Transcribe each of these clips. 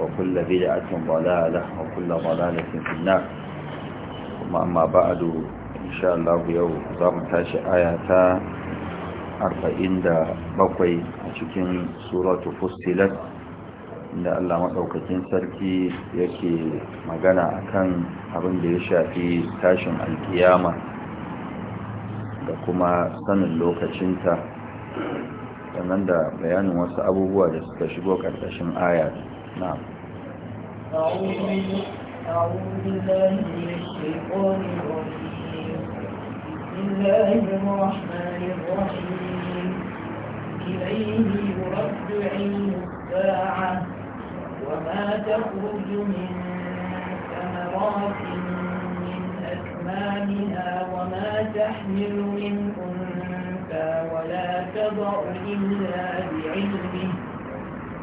وكل بدعة ضلالة وكل ضلالة في النار ثم أما بعد إن شاء الله يوم زمتاش آياتا أربعين دا بقوي أشكين سورة فصلت inda Allah maɗaukakin sarki yake magana akan abin da ya shafi tashin alkiyama da kuma sanin lokacinta sannan da bayanin wasu abubuwa da suka shigo ƙarƙashin aya نعم أعوذ بالله من الشيطان الرجيم بسم الله الرحمن الرحيم إليه يرد علم الساعة وما تخرج من ثمرات من أكمامها وما تحمل من أنثى ولا تضع إلا بعلمه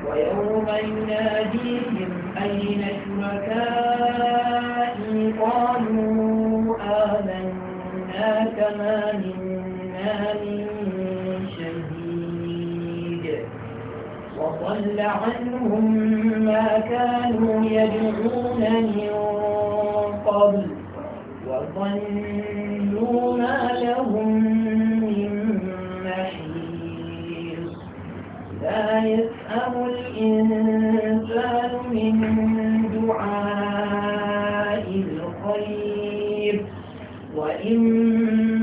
ويوم يناديهم أين شركائي قالوا آمنا كما منا من شهيد وضل عنهم ما كانوا يدعون من قبل وظنوا ما لهم يسأم الإنسان من دعاء الخير وإن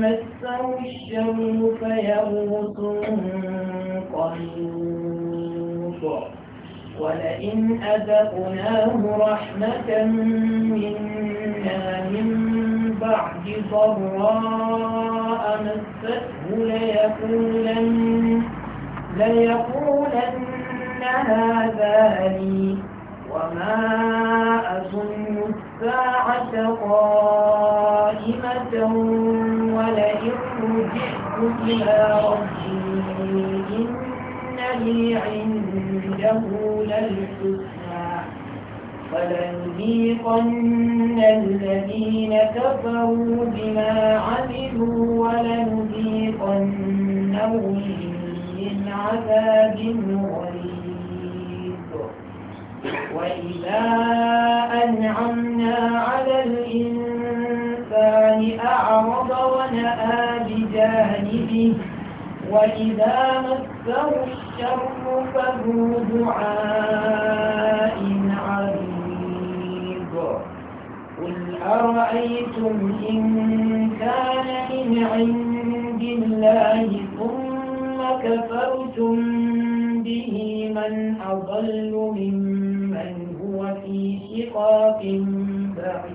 مسه الشر فيغوص قنوط ولئن أذقناه رحمة منا من بعد ضراء مسته ليقولن ليقولن هذا لي وما أظن الساعة قائمة ولئن رجعت إلى ربي إن لي عنده للحسنى فلنذيقن الذين كفروا بما عملوا ولنذيقنهم من عذاب غير وإذا أنعمنا على الإنسان أعرض ونأى بجانبه وإذا مسه الشر فهو دعاء عريض قل أرأيتم إن كان من عند الله ثم كفرتم به من أضل ممن شقاق بعيد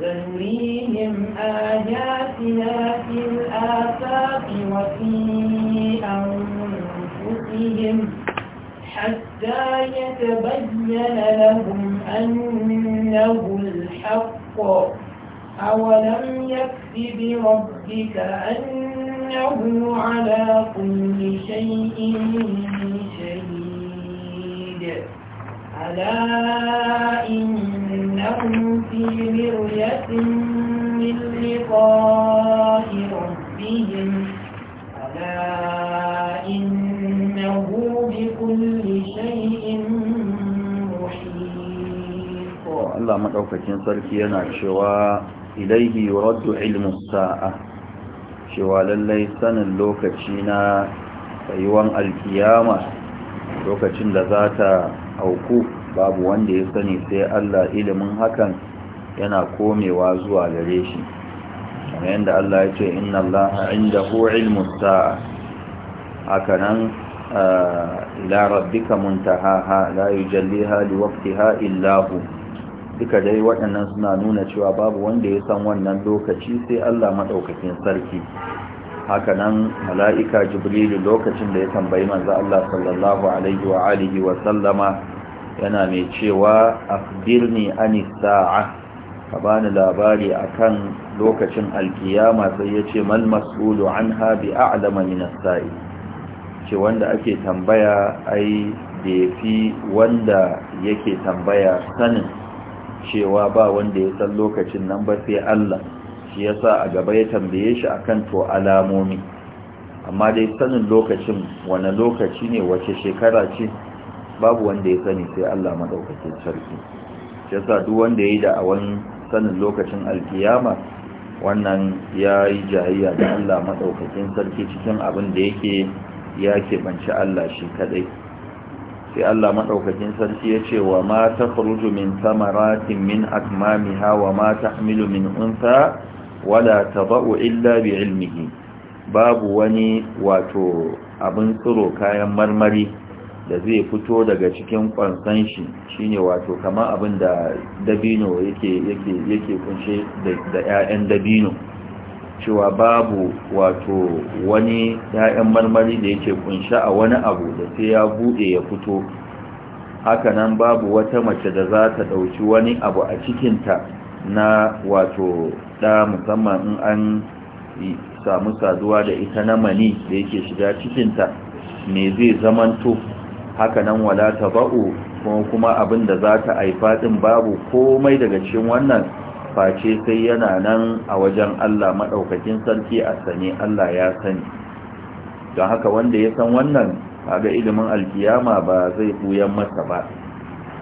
سنريهم آياتنا في الآفاق وفي أنفسهم حتى يتبين لهم أنه الحق أولم يكف بربك أنه على كل شيء شهيد ألا إنهم في مرية من لقاء ربهم ألا إنه بكل شيء Allah maɗaukacin sarki yana cewa ilaihi yuraddu ilmu sa’a, cewa lallai sanin lokaci na tsayuwan alkiyama lokacin da za ta auku babu wanda ya sani sai Allah ilimin hakan yana komewa zuwa gare shi kamar yadda Allah ya ce inna inda indahu ilmus sa'a hakanan ila rabbika muntahaha la yujalliha liwaqtiha illa hu duka dai waɗannan suna nuna cewa babu wanda ya san wannan lokaci sai Allah madaukakin sarki hakanan mala'ika jibrilu lokacin da ya tambayi manzo Allah sallallahu alaihi wa alihi wa sallama yana mai cewa birni ani sa'a ka bani labari akan lokacin alkiyama sai ya ce mal mas'ulu anha bi a'lama min as-sa'i ce wanda ake tambaya ai da yafi wanda yake tambaya sanin cewa ba wanda ya san lokacin nan ba sai Allah shi yasa a gaba ya tambaye shi akan to alamomi amma dai sanin lokacin wane lokaci ne wace shekara ce babu wanda ya sani sai Allah madaukakin sarki sa duk wanda ya yi da awan sanin lokacin alkiyama wannan yi jayayya da Allah madaukakin sarki cikin abin da yake ya keɓanci Allah shi kadai sai Allah maɗaukacin sarki ya ce wa ma takhruju min thamaratin min akmamiha wa ma tahmilu min unsa wala tadau illa bi ilmihi babu wani wato abin tsiro kayan marmari da zai fito daga cikin kwansan shi shine wato kamar abin da dabino yake yake kunshe da 'ya'yan dabino cewa babu wato wani 'ya'yan marmari da yake kunshe a wani abu da sai ya bude ya fito hakanan babu wata mace da za ta dauki wani abu a cikinta na wato da musamman in an samu saduwa da ita na mani da yake shiga cikinta ne zai zamanto haka nan wala taba'u kuma kuma abin da za ta haifa babu komai daga cikin wannan face sai yana nan a wajen Allah maɗaukakin sarki a sane Allah ya sani don haka wanda ya san wannan kaga ilimin alkiyama ba zai buya masa ba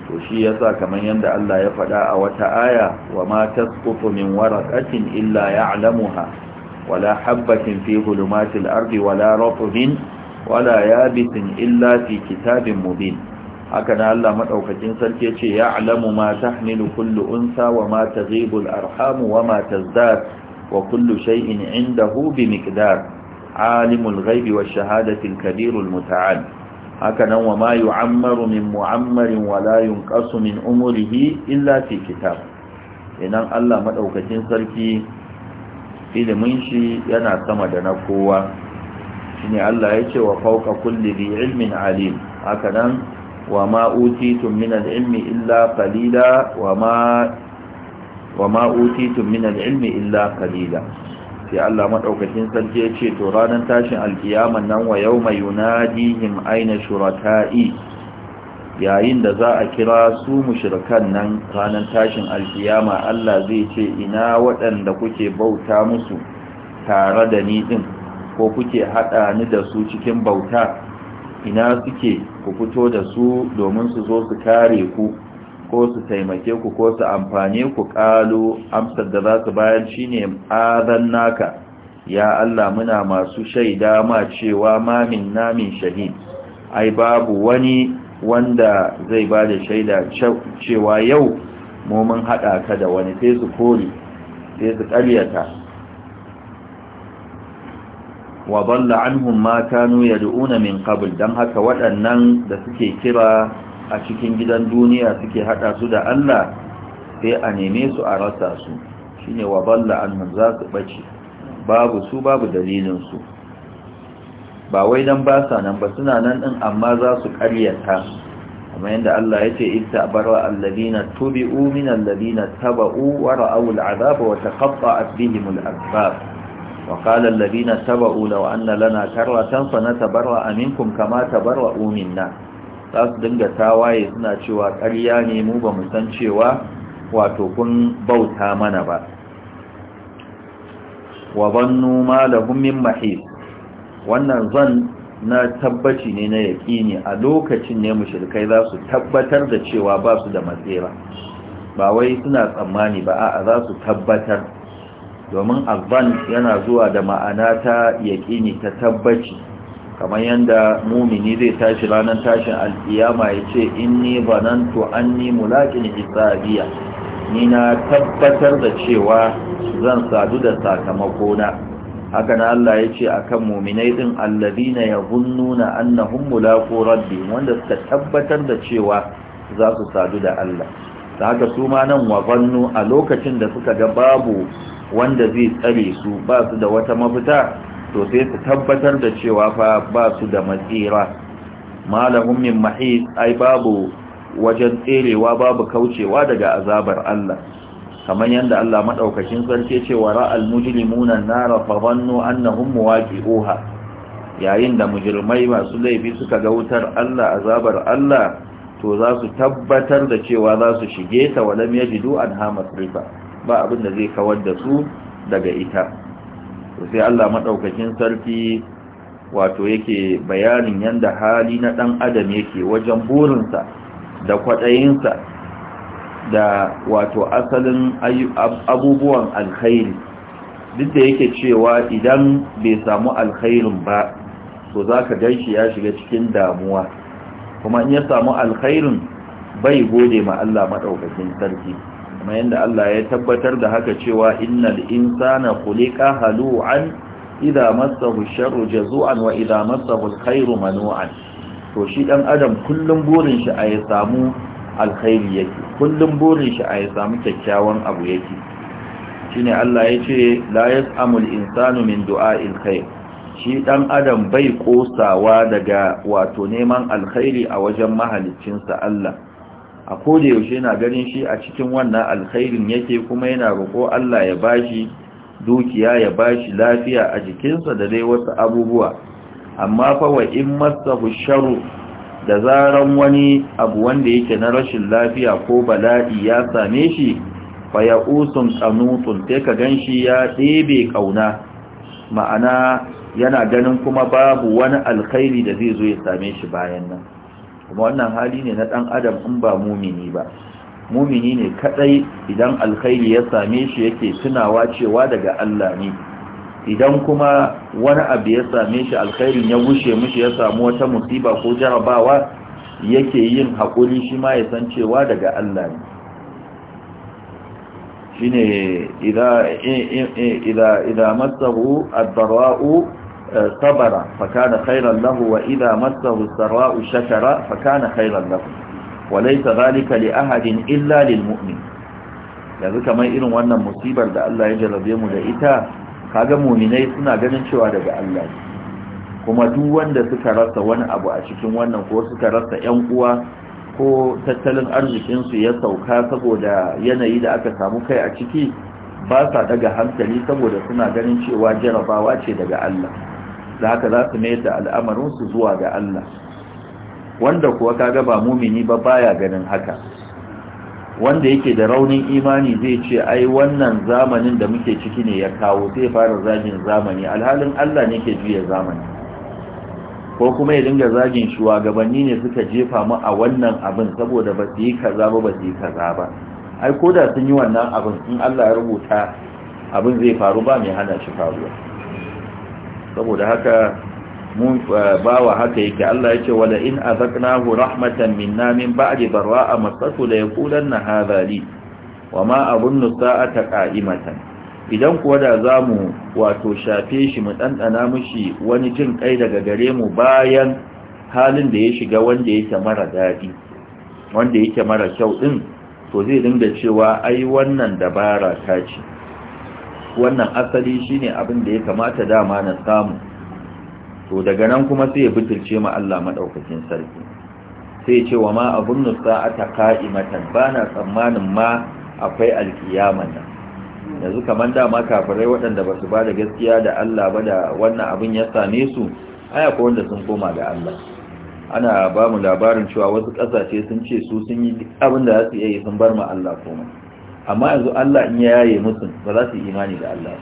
to shi yasa kamar yadda Allah ya faɗa a wata aya wa ma tasqutu min waraqatin illa ya'lamuha wala habbatin fi zulumatil ardi wala ratbin wala yabitin illa fi kitabin mubin haka na Allah maɗaukacin sarki yace ya'lamu ma tahmilu kullu unsa wa ma taghibu al-arham wa ma wa kullu shay'in 'indahu bi miqdar alimul ghaibi wa shahadati al-kabirul muta'al haka nan wa ma ammaru min mu'ammarin wa la min umrihi illa fi kitab idan Allah maɗaukacin sarki ilimin shi yana sama da na kowa shine Allah ya ce wa fawqa kulli dhi ilmin alim haka nan wa ma utitum min al-ilmi illa qalila wa ma wa ma utitum min al-ilmi illa qalila sai Allah madaukakin sarki ya ce to ranar tashin alkiyaman nan wa yawma yunadihim aina shuraka'i yayin da za a kira su mushrikan nan ranar tashin alkiyama Allah zai ce ina waɗanda kuke bauta musu tare da ni din ko kuke hada ni da su cikin bauta ina suke ku fito da su domin su zo su kare ku ko su taimake ku ko su amfane ku ƙalo amsar da za su bayar shi ne azan naka ya Allah muna masu shaida ma cewa mamin namin shahid ai babu wani wanda zai ba da shaida cewa yau mu mun haɗa ka da wani sai su kori sai su ƙaryata wa balla anhum ma kanu yad'una min qabl dan haka waɗannan da suke kira a cikin gidan duniya suke hada su da Allah sai a neme su a rasa su shine wa balla anhum za su bace babu su babu dalilin su ba wai dan ba sa nan ba suna nan din amma za su ƙaryata amma yanda Allah ya ce itta barwa alladina tubi'u min alladina taba'u wa ra'aw al'azaba wa taqatta'at bihim al'asbab وقال الذين تبعوا لو أن لنا كرة فنتبرأ منكم كما تبرأوا منا تاس دنجا تاواي سنا cewa ƙarya ne mu ba mu san cewa wato kun bauta mana ba waban bannu ma lahum min wannan zan na tabbaci ne na yaƙini a lokacin ne mushrikai za su tabbatar da cewa ba su da matsera ba wai suna tsammani ba a'a za su tabbatar domin azan yana zuwa da ma'ana ta yaƙini ta tabbaci kamar yadda mumini zai tashi ranar tashin alkiyama ya ce inni banantu anni mulaƙin hisabiya ni na tabbatar da cewa zan sadu da sakamakona haka na Allah ya ce a kan muminai ɗin allazina ya gunnuna annahun mulaƙo rabbi wanda suka tabbatar da cewa za su sadu da Allah da haka su ma nan wa bannu a lokacin da suka ga babu wanda zai tsare su ba su da wata mafita to sai su tabbatar da cewa fa ba su da matsira malamin min ai babu wajen tserewa babu kaucewa daga azabar Allah kamar yadda Allah madaukakin sarki cewa ra'al mujrimuna nara fa dhannu annahum muwaqi'uha yayin da mujrimai masu laifi suka ga wutar Allah azabar Allah to za su tabbatar da cewa za su shige ta walam yajidu anha masrifa ba abin da zai kawar da su daga ita sai Allah maɗaukakin sarki wato yake bayanin yadda hali na ɗan adam yake wajen burinsa da kwaɗayinsa da wato asalin abubuwan alkhairi duk da yake cewa idan bai samu alkhairin ba to za ka ganshi ya shiga cikin damuwa kuma in ya samu alkhairin bai gode ma Allah maɗaukakin sarki kuma yadda Allah ya tabbatar da haka cewa innal insana khuliqa halu'an idza massahu sharru jazu'an wa idza massahu alkhairu manu'an to shi dan adam kullum burin shi a ya samu alkhairi yake kullum burin shi a ya samu kyakkyawan abu yake shine Allah ya ce la yas'amul insanu min du'a'il khair shi ɗan adam bai kosawa daga wato neman alkhairi a wajen mahalicinsa Allah a koda yaushe yana ganin shi a cikin wannan alkhairin yake kuma yana roƙo Allah ya bashi dukiya ya bashi lafiya a jikinsa da dai wasu abubuwa amma fa wa in masahu sharu da zaran wani abu wanda yake na rashin lafiya ko bala'i ya same shi fa ya usun qanutun sai ka ganshi ya debe kauna ma'ana yana ganin kuma babu wani alkhairi da zai zo ya same shi bayan nan kuma wannan hali ne na ɗan adam in ba mumini ba mumini ne kadai idan alkhairi ya same shi yake tunawa cewa daga Allah ne idan kuma wani abu ya same shi alkhairin ya gushe mishi ya samu wata musiba ko jarabawa yake yin haƙuri shi ma ya san cewa daga Allah ne shine idan idan masahu ad صبر فكان خيرا له وإذا مسه السراء شكر فكان خيرا له وليس ذلك لأحد إلا للمؤمن yanzu kamar irin wannan musibar da Allah ya jarabe mu da ita kaga muminai suna ganin cewa daga Allah kuma duk wanda suka rasa wani abu a cikin wannan ko suka rasa ƴan uwa ko tattalin arzikinsu ya sauka saboda yanayi da aka samu kai a ciki ba sa daga hankali saboda suna ganin cewa jarabawa ce daga Allah da haka za su mayar da al'amarinsu zuwa ga Allah wanda kuwa ka ba mumini ba baya ganin haka wanda yake da raunin imani zai ce ai wannan zamanin da muke ciki ne ya kawo zai fara zagin zamani alhalin Allah ne ke juya zamani ko kuma ya dinga zagin shugabanni ne suka jefa mu a wannan abin saboda ba su yi kaza ba ba su yi kaza ba ai ko da sun yi wannan abin in Allah ya rubuta abin zai faru ba mai hana shi faruwa saboda haka mun eh, bawa haka yake Allah yake wala in azaqnahu rahmatan minna min ba'di barra'a masatu la yaqulanna hadha li wama abunnu sa'ata qa'imatan idan kuwa da zamu wato shafe shi mu dandana mushi wani jin kai daga gare mu bayan halin da ya shiga wanda yake mara dadi wanda yake mara kyau din to zai dinga cewa ai wannan dabara ta ce wannan asali shine abin da ya kamata dama na samu to daga nan kuma sai ya butulce ma Allah madaukakin sarki sai ce wa ma abunnu sa'ata qa'imatan bana tsammanin ma akwai alkiyama nan yanzu kaman dama kafirai waɗanda ba su ba da gaskiya da Allah ba da wannan abin ya same su aya ko wanda sun koma ga Allah ana ba mu labarin cewa wasu ƙasashe sun ce su sun yi abin da za su iya yi sun bar ma Allah komai amma yanzu Allah in ya yaye musu ba za su imani da Allah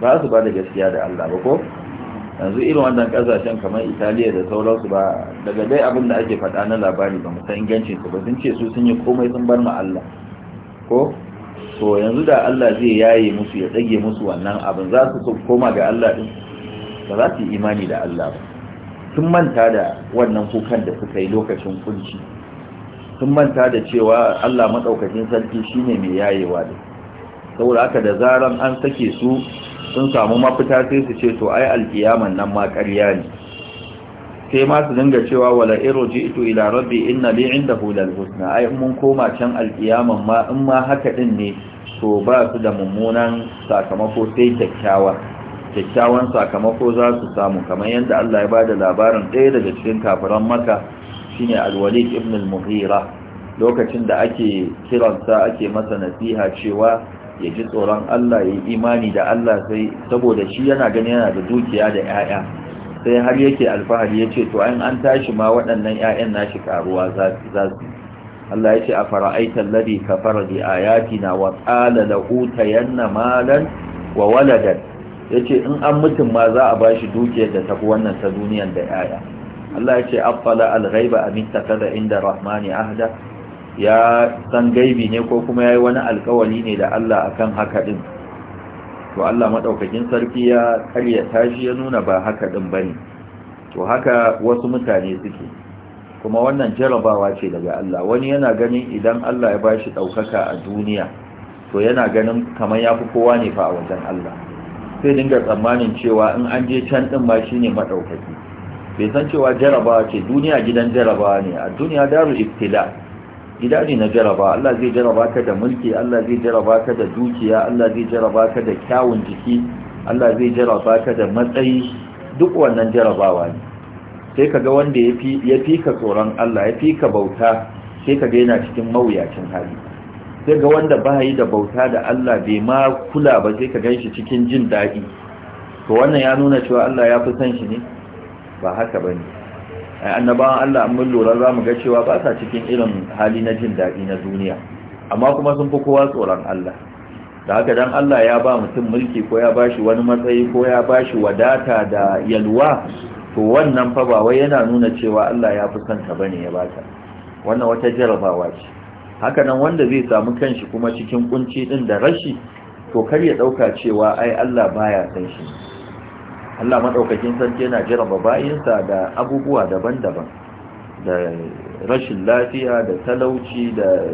ba su ba da gaskiya da Allah ba ko yanzu irin wannan kasashen kamar Italiya da sauransu ba daga dai abin da ake faɗa na labari ba mu san ingancin su ba sun ce su sun yi komai sun bar mu Allah ko to yanzu da Allah zai yaye musu ya tsage musu wannan abin za su koma ga Allah din ba za su imani da Allah ba sun manta da wannan kukan da suka yi lokacin kunci sun manta da cewa Allah maɗaukacin sarki shine mai yayewa da saboda haka da zaran an sake su sun samu mafita sai su ce to ai alkiyaman nan ma ƙarya ne sai ma su dinga cewa wala iroji ito ila rabbi inna li indahu lal husna ai mun koma can alkiyaman ma in ma haka din ne to ba su da mummunan sakamako sai kyakkyawa kyakkyawan sakamako za su samu kamar yadda Allah ya bada labarin ɗaya daga cikin kafiran maka shine al-walid ibn al-mughira lokacin da ake kiransa ake masa nasiha cewa ya ji tsoron Allah ya yi imani da Allah sai saboda shi yana gani yana da dukiya da 'ya'ya sai har yake alfahari ya ce to an an tashi ma waɗannan 'ya'yan nashi karuwa za su Allah ya ce a fara'aita alladhi kafara bi ayatina wa qala la utayanna malan wa waladan yace in an mutum ma za a bashi dukiyar da tafi wannan ta duniyar da 'ya'ya Allah ya ce afala al-ghaiba aminta kada inda rahmani ahda ya san gaibi ne ko kuma yayi wani alkawari ne da Allah akan haka din to Allah madaukakin sarki ya karya tashi ya nuna ba haka din bane to haka wasu mutane suke kuma wannan jarabawa ce daga Allah wani yana ganin idan Allah ya bashi daukaka a duniya to yana ganin kamar yafi kowa ne fa a wajen Allah sai dinga tsammanin cewa in an je can din ma shine madaukaki bai san cewa jaraba ce duniya gidan jaraba ne a duniya daru iftila. gida ne na jaraba Allah zai jaraba ka da mulki Allah zai jaraba ka da dukiya Allah zai jaraba ka da kyawun jiki Allah zai jaraba ka da matsayi duk wannan jarabawa ne sai kaga wanda ya fi ka tsoron Allah ya fi ka bauta sai kaga yana cikin mawuyacin hali sai ga wanda ba yi da bauta da Allah bai ma kula ba sai ka gan shi cikin jin daɗi to wannan ya nuna cewa Allah ya fi san shi ne ba haka ba ne annabawan Allah mun lura za mu ga cewa ba sa cikin irin hali na jin daɗi na duniya amma kuma sun fi kowa tsoron Allah da haka dan Allah ya ba mutum mulki ko ya ba shi wani matsayi ko ya ba shi wadata da yalwa to wannan fa ba wai yana nuna cewa Allah ya fi son ka bane ya baka wannan wata jarabawa ce haka nan wanda zai samu kanshi kuma cikin kunci din da rashi to kar ya dauka cewa ai Allah baya san shi Allah maɗaukakin sarki yana jira bayinsa da abubuwa daban-daban da rashin lafiya da talauci da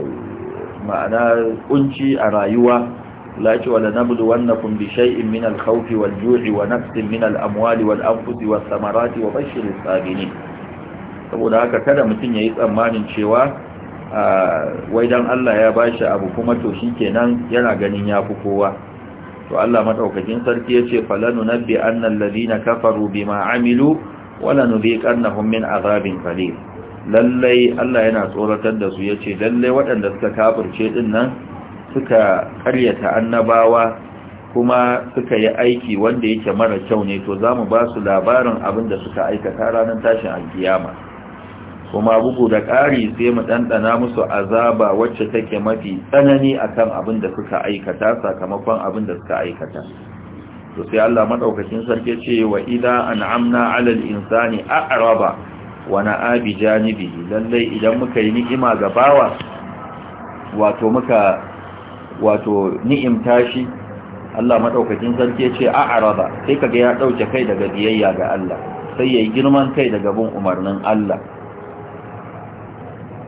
ma'ana kunci a rayuwa laci wa lanabdu wannakum bi shay'in min al-khawfi wal-ju'i wa nafsin min al-amwali wal-anfusi was-samarati wa bashshir sabirin saboda haka kada mutum yayi tsammanin cewa ah, wai dan Allah ya bashi abu kuma to shikenan yana ganin yafi kowa to Allah madaukakin sarki yace falanu nabbi annal ladina kafaru bima amilu wala nubiqannahum min azabin qalil lallai Allah yana tsoratar da su yace lallai waɗanda suka kafirce din nan suka karyata annabawa kuma suka yi aiki wanda yake mara kyau ne to zamu ba su labarin abin da suka aikata ranar tashin alkiyama kuma bugu da ƙari sai mu ɗanɗana musu azaba wacce take mafi tsanani akan abin da suka aikata sakamakon abin da suka aikata to sai Allah maɗaukacin sarki ce wa idza an'amna 'alal insani a'raba wa na'a bi janibihi idan muka yi ni'ima ga bawa wato muka wato ni'imta shi Allah maɗaukacin sarki ce a'raba sai kaga ya ɗauke kai daga biyayya ga Allah sai yayi girman kai daga bin umarnin Allah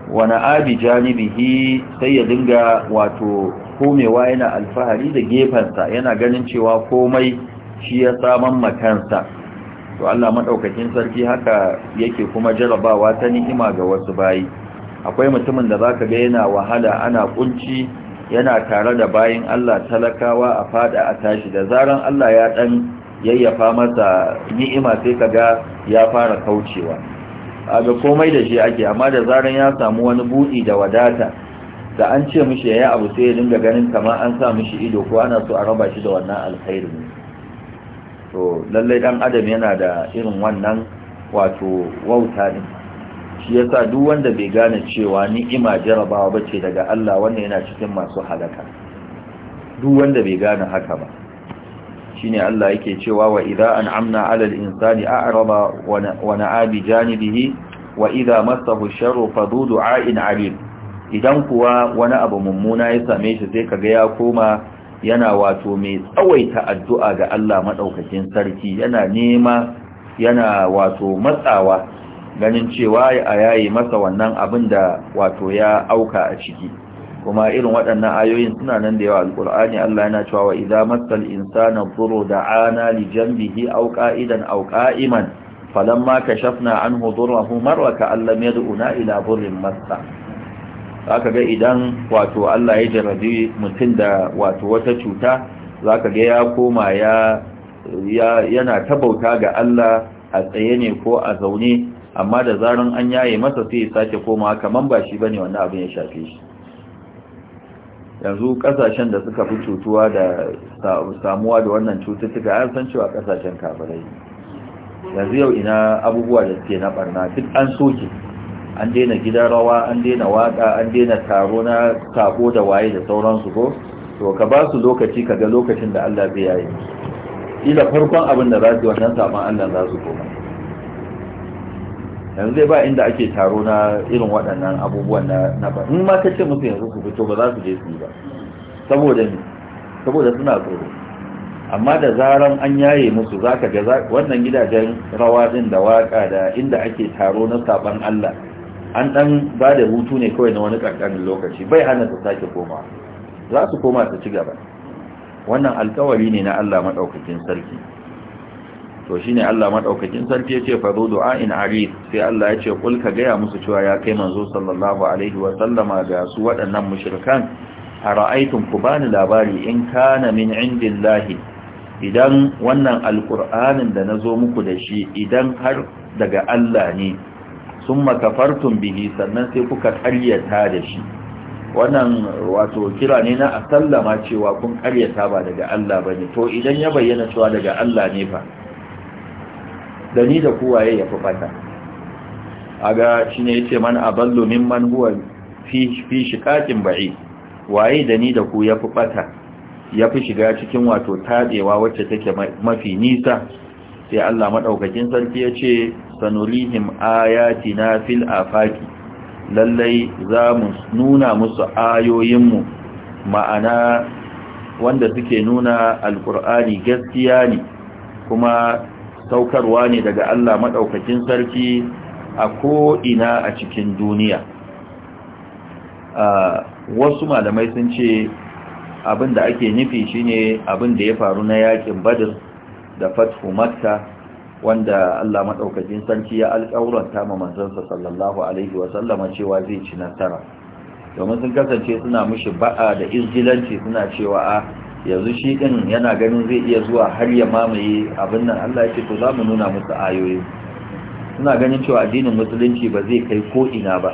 wani abi janibihi sai ya dinga wato komewa yana alfahari da gefensa yana ganin cewa komai shi ya saman makansa to Allah maɗaukakin sarki haka yake kuma jarabawa ta ni'ima ga wasu bayi akwai mutumin da za ka ga yana wahala ana kunci yana tare da bayin Allah talakawa a fada a tashi da zaran Allah ya ɗan yayyafa masa ni'ima sai ka ga ya fara kaucewa aga komai da shi ake amma da zaran ya samu wani buɗi da wadata da an ce mishi yayi abu sai ya dinga ganin kamar an sa mishi ido ko ana so a raba shi da wannan alkhairin to lallai dan adam yana da irin wannan wato wauta din shi yasa duk wanda bai gane cewa ni'ima jarabawa ba ce daga Allah wannan yana cikin masu halaka duk wanda bai gane haka ba shine Allah yake cewa wa idza an'amna alal insani a'rada wa na'a bi janibihi wa idza massahu ash-sharru fadhu du'a'in 'alim idan kuwa wani abu mummuna ya same shi sai kaga ya koma yana wato mai tsawaita addu'a ga Allah madaukakin sarki yana nema yana wato matsawa ganin cewa a yayi masa wannan abin da wato ya auka a ciki kuma irin waɗannan ayoyin suna nan da yawa alƙur'ani Allah yana cewa wa idza masal insana dhurru da'ana li janbihi aw qa'idan aw qa'iman falamma kashafna anhu dhurruhu marra ka allam yad'una ila dhurrin massa zaka ga idan wato Allah ya jarabi mutum da wato wata cuta zaka ga ya koma ya yana tabauta ga Allah a tsaye ne ko a zaune amma da zaran an yaye masa sai ya sake komawa kaman ba shi bane wannan abin ya shafe shi yanzu kasashen da suka fi cutuwa da samuwa da wannan cututtuka an san cewa kasashen kafirai yanzu yau ina abubuwa da suke na barna duk an soke an daina gidan rawa an daina waka an daina taro na sako da waye da sauransu ko to ka ba su lokaci ka ga lokacin da Allah zai yayi ila farkon abin da za su wannan saban Allah za su koma yanzu zai ba inda ake taro na irin waɗannan abubuwan na ba in ma ka ce musu yanzu su fito ba za su je su yi ba saboda ne saboda suna tsoro amma da zaran an yaye musu za ka ga wannan gidajen rawa din da waka da inda ake taro na saban Allah an ɗan ba da hutu ne kawai na wani ƙanƙanin lokaci bai hana su sake koma za su koma su ci gaba wannan alkawari ne na Allah maɗaukakin sarki to ne Allah maɗaukacin sarki ce fa zo du'a in ari sai Allah ya ce kulka gaya musu cewa ya kai manzo sallallahu alaihi wa sallama ga su waɗannan mushrikan ku bani labari in kana min indillahi idan wannan alqur'anin da nazo muku da shi idan har daga Allah ne summa kafartum bihi sannan sai kuka ƙaryata da shi wannan wato kira ne na a sallama cewa kun ƙaryata ba daga Allah ne to idan ya bayyana cewa daga Allah ne fa da ni da kuwaye ya fi fata aga ne yace man aballu mimman huwa fi fi shikatin ba'i waye da ni da ku ya fi fata ya fi shiga cikin wato taɗewa wacce take mafi nisa sai Allah maɗaukakin sarki yace sanurihim ayatina fil afaqi lallai za mu nuna musu ayoyinmu ma'ana wanda suke nuna alkur'ani gaskiya ne kuma saukarwa ne daga Allah maɗaukakin sarki a ko'ina a cikin duniya wasu malamai sun ce abin da ake nufi shine abin da ya faru na yakin badr da fathu makka wanda Allah maɗaukakin sarki ya ta ma manzansa sallallahu alaihi wasallama cewa zai ci nasara domin sun kasance suna mushi ba'a da izgilanci suna cewa a ah, yanzu shi din yana ganin zai iya zuwa har ya mamaye abin nan Allah ya ce to za mu nuna musu ayoyi suna ganin cewa addinin musulunci ba zai kai ko ina ba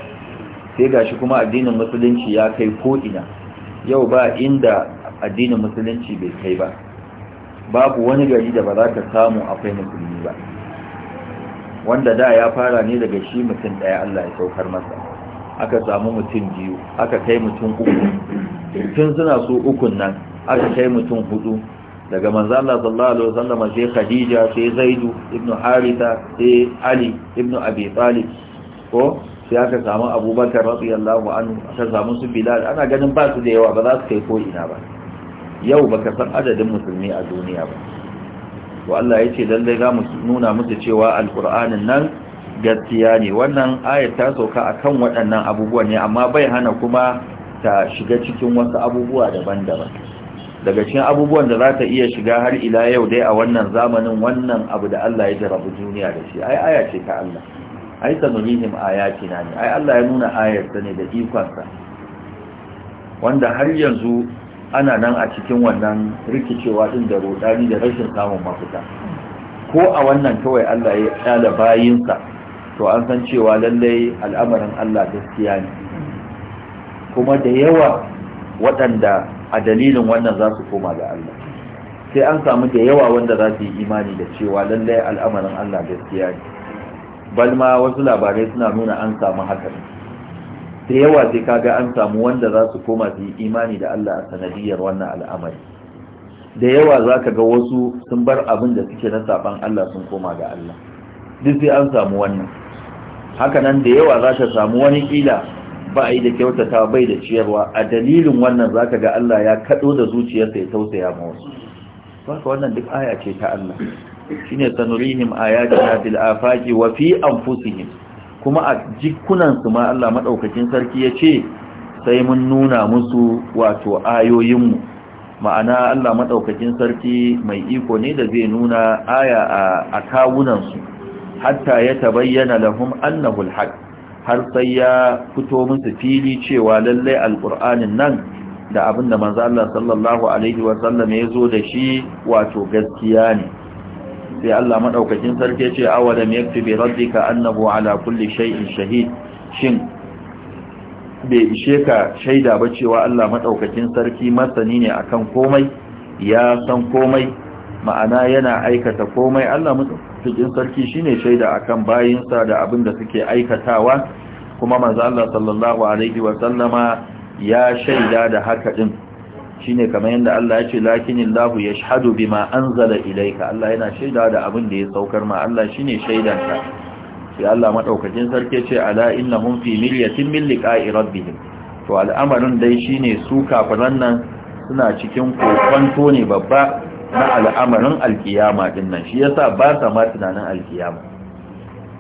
sai gashi kuma addinin musulunci ya kai ko ina yau ba inda addinin musulunci bai kai ba babu wani gari da ba za ka samu akwai musulmi ba wanda da ya fara ne daga shi mutum ɗaya Allah ya saukar masa aka samu mutum biyu aka kai mutum uku tun suna so ukun nan aka kai mutum hudu daga manzala sallallahu alaihi wasallam sai khadija sai zaidu ibn haritha sai ali ibn abi talib ko sai aka samu abubakar radiyallahu anhu aka samu su bilal ana ganin ba su da yawa ba za su kai ko ina ba yau baka san adadin musulmi a duniya ba to Allah ya ce lallai za mu nuna musu cewa alkur'anin nan gaskiya ne wannan ayar ta sauka akan waɗannan abubuwan ne amma bai hana kuma ta shiga cikin wasu abubuwa daban-daban daga cikin abubuwan da za ta iya shiga har ila yau dai a wannan zamanin wannan abu da Allah ya jarabu duniya da shi ai aya ce ta Allah ai sanurihim ayatina ne ai Allah ya nuna da ne da ikonsa wanda har yanzu ana nan a cikin wannan rikicewa din da rodani da rashin samun mafita ko a wannan kawai Allah ya tsala bayinsa to an san cewa lallai al'amarin Allah gaskiya ne kuma da yawa waɗanda a dalilin wannan za su koma ga Allah sai an samu da yawa wanda za su yi imani da cewa lallai al'amarin Allah gaskiya ne bal ma wasu labarai suna nuna an samu haka da yawa sai kaga an samu wanda za su koma su yi imani da Allah a sanadiyar wannan al'amari da yawa za ka ga wasu sun bar abin da suke na saban Allah sun koma ga Allah duk sai an samu wannan haka nan da yawa za ka samu wani kila ba a yi da kyautata bai da ciyarwa a dalilin wannan zaka ga Allah ya kaɗo da zuciyarsa ya tausaya ma wasu ka wannan duk aya ce ta Allah shine sanurihim ayatina fil afaqi wa fi fusihim. kuma a jikunansu ma Allah maɗaukakin sarki yace sai mun nuna musu wato ayoyinmu ma'ana Allah maɗaukakin sarki mai iko ne da zai nuna aya a kawunansu. hatta ya tabayyana lahum annahu alhaq har sai ya fito musu fili cewa lallai alƙur'anin nan da abin da manzo Allah sallallahu alaihi ya zo da shi wato gaskiya ne sai Allah madaukakin sarki ya ce awalam yaktubi rabbika annahu ala kulli shay'in shahid shin bai ishe ka shaida ba cewa Allah madaukakin sarki masani ne akan komai ya san komai ma'ana yana aikata komai Allah mutukin sarki shine shaida akan bayinsa da abin da suke aikatawa kuma manzo Allah sallallahu alaihi wa sallama ya shaida da haka din shine kamar yadda Allah ya ce lakinillahu yashhadu bima anzala ilayka Allah yana shaida da abin da ya saukar ma Allah shine shaidanka sai Allah madaukakin sarki ce ala innahum fi milyatin min liqa'i rabbihim to al'amarin dai shine su kafiran nan suna cikin kokonto ne babba na al'amarin alkiyama din nan shi yasa ba sa ma tunanin alkiyama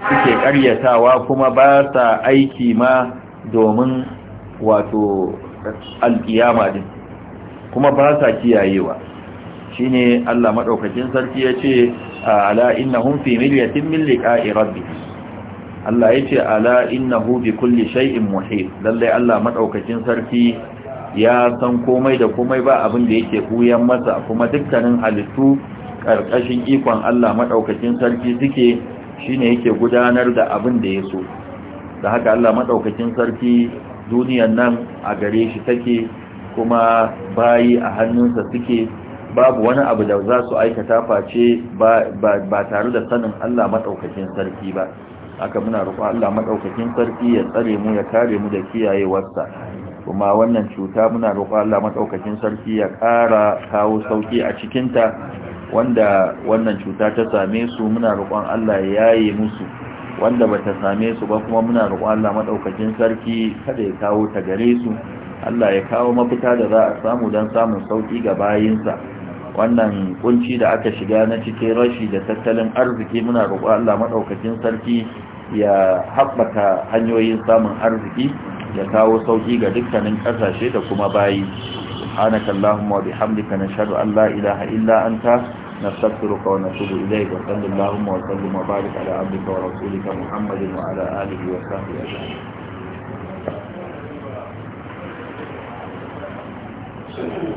suke karyatawa kuma ba sa aiki ma domin wato alkiyama din kuma ba sa kiyayewa ne Allah maɗaukacin sarki ya ce, ala hun fi miliyatin mili liqa'i rabbihim Allah ce ala hu bi kulli shai'in muhe lallai Allah maɗaukacin sarki ya san komai da komai ba abin da yake huyan masa kuma dukkanin halittu ƙarƙashin ikon Allah maɗaukakin sarki suke shine yake gudanar da abin da ya so da haka Allah maɗaukakin sarki duniyar nan a gare shi take kuma bayi a hannunsa suke babu wani abu da za su aikata face ba tare da sanin Allah maɗaukakin sarki ba aka muna roƙo Allah maɗaukakin sarki ya tsare mu ya kare mu da kiyayewarsa kuma wannan cuta muna roƙon Allah madaukakin sarki ya ƙara kawo sauki a cikinta wanda wannan cuta ta same su muna roƙon Allah ya yaye musu wanda ba ta same su ba kuma muna roƙon Allah madaukakin sarki kada ya kawo ta gare su Allah ya kawo mafita da za a samu don samun sauki ga bayinsa wannan kunci da aka shiga na cikin rashi da tattalin arziki muna roƙon Allah madaukakin sarki ya haɓaka hanyoyin samun arziki ya kawo sauƙi ga dukkanin ƙasashe da kuma bayi subhanaka allahumma wa bihamdika nashhadu an la ilaha illa anta nastaghfiruka wa natubu ilayk wa sallallahu wa sallim wa barik ala abdika wa rasulika muhammadin wa ala alihi wa sahbihi ajma'in